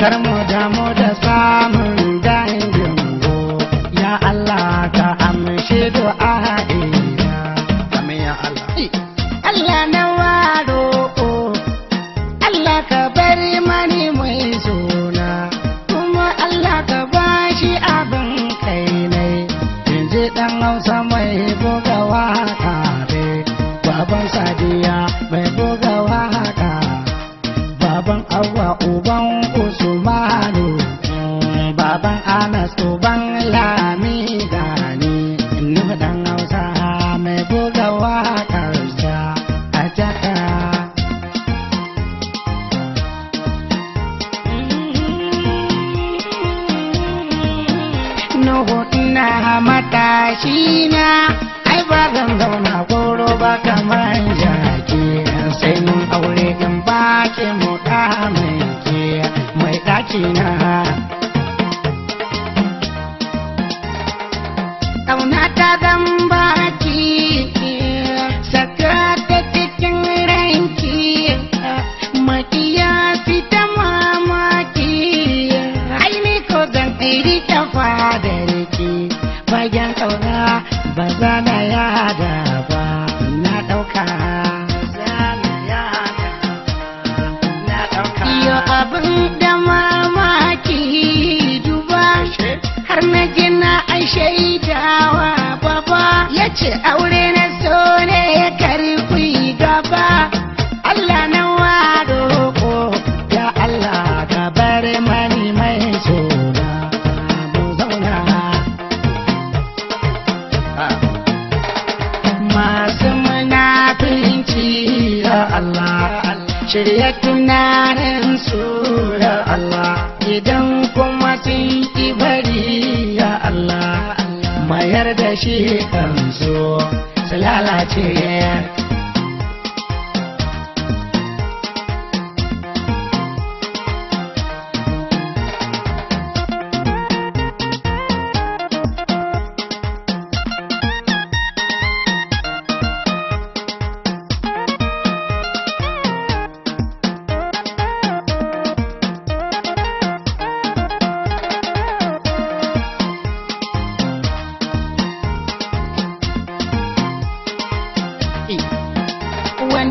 kar mu damu da samun dangin go ya Allah ka amshi du'a ina amin ya Allah Allah na waro su ban lami gani nufi dan hausa mai buga wakar ja a jaka Nuhu ina matashi na ai ba zan zauna goro ba kamar jaki fagen ƙauna ba za na yada ba na ɗauka Yo abin da mamaki duba har na gina a shaidawa baba ya ce masu munafinci ya Allah shirya tunanin su ya Allah idan kuma sun ki bari ya Allah mayar da shi kansu su lalace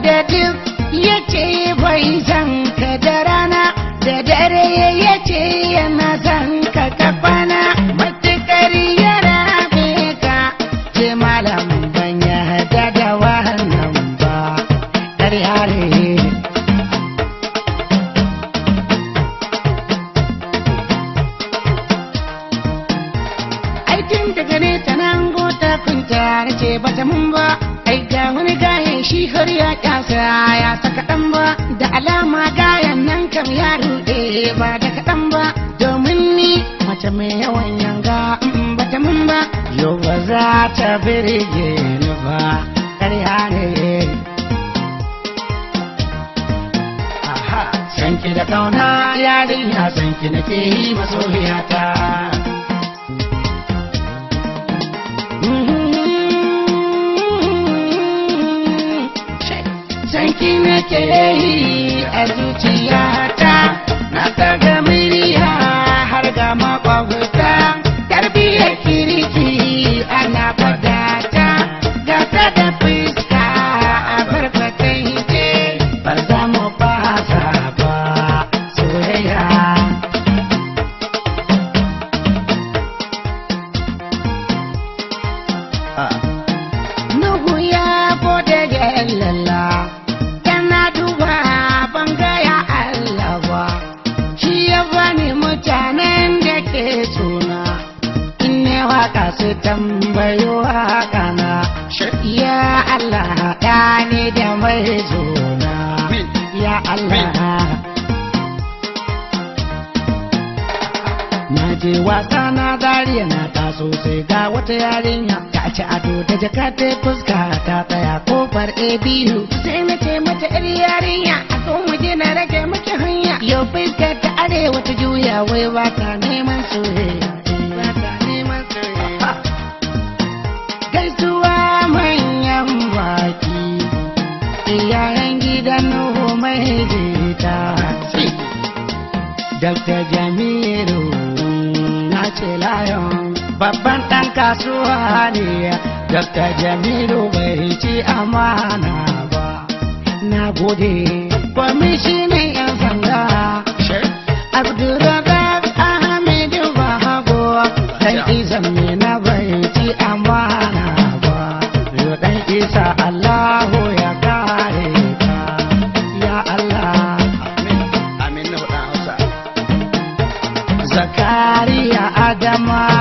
da ya ce bai zan ka da rana da dare ya ce yana zan ka kafana matukar ya rabe ka ce malam ban ya hada da wannan ba ƙaryare aikin daga ne ta nan gota kun tare ce bata mun ba shi har ya kyasa ya saka dan ba da alama gayan nan kam ya ruɗe ba da kaɗan ba domin ni mace mai yawan yanga mm, ba ta mun ba yau ba za ta birge ni ba ƙarya ne sanki da kauna yarinya sanki nake yi masoyiyata mafarki ke yi a zuciyata na ɗaga miliya har ga mako waƙana ya Allah ɗani da mai zona ya Allah na je wasa na zariya na taso sai ga wata yarinya ta ci ado da jaka ta fuska ta tsaya kofar a biyu sai na ce mata yar yarinya a so na rage miki hanya yau fuskar ta arewa ta juya wai ba ta yaran gidan nuhu mai jirita dr jamilu na ce layon babban ɗan kasuwa ne dr jamilu bai ci amana ba na gode kwamishinin yan sanda abdulrazak ahmedu bahago dan izan na zakariya adama